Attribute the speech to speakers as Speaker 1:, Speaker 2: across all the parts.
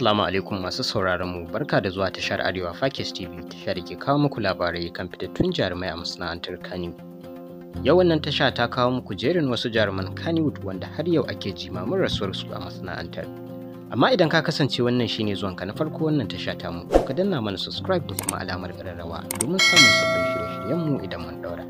Speaker 1: Assalamu alaikum masu sauraron mu barka da zuwa tashar Arewa Fakis TV tashar da ke kawo muku labarai kan fitattun jarumai a masana'antar Kano. Yau wannan tasha ta kawo muku jerin wasu jaruman Kannywood wanda har yau ake jimamin rasuwar su a masana'antar. Amma idan ka kasance wannan shine zuwan ka na farko wannan tasha ta mu ka danna mana subscribe da kuma alamar ƙararrawa domin samun sabbin shirye-shiryen mu idan mun daura.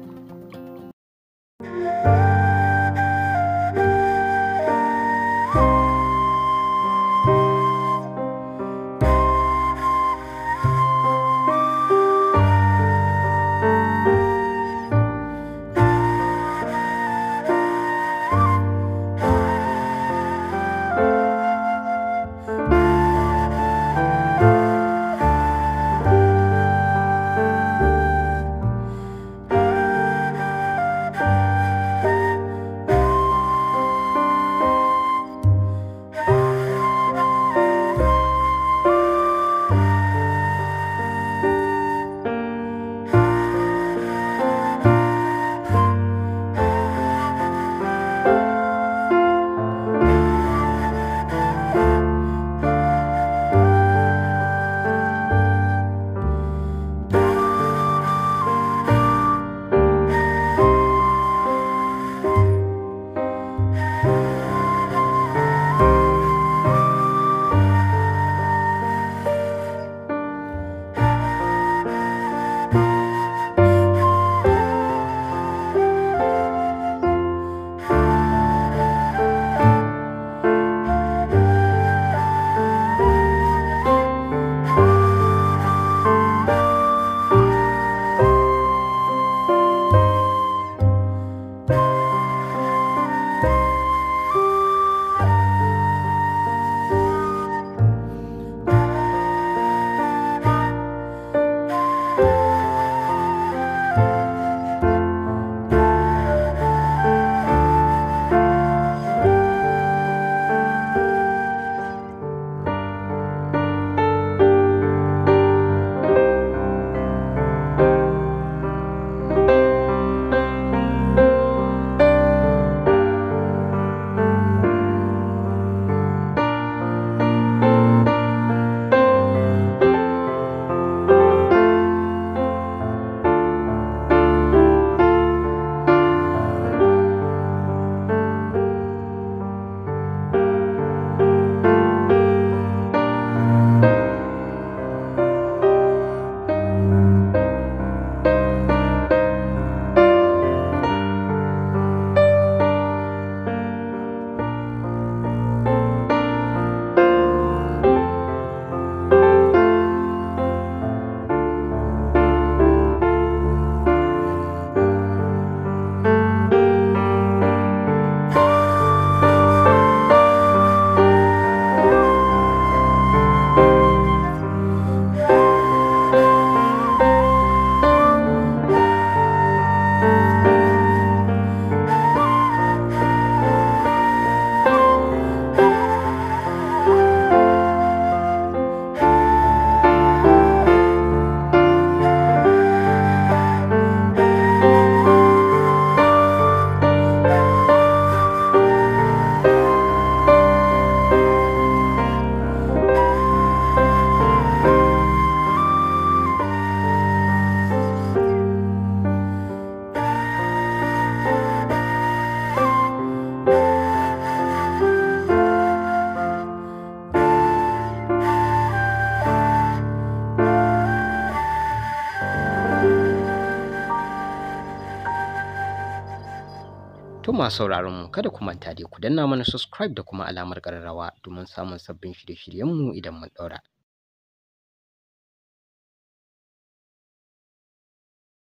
Speaker 1: To masu sauraron mu kada ku manta dai ku danna mana subscribe da kuma alamar ƙararrawa domin samun sabbin shirye-shiryenmu idan mun ɗaura.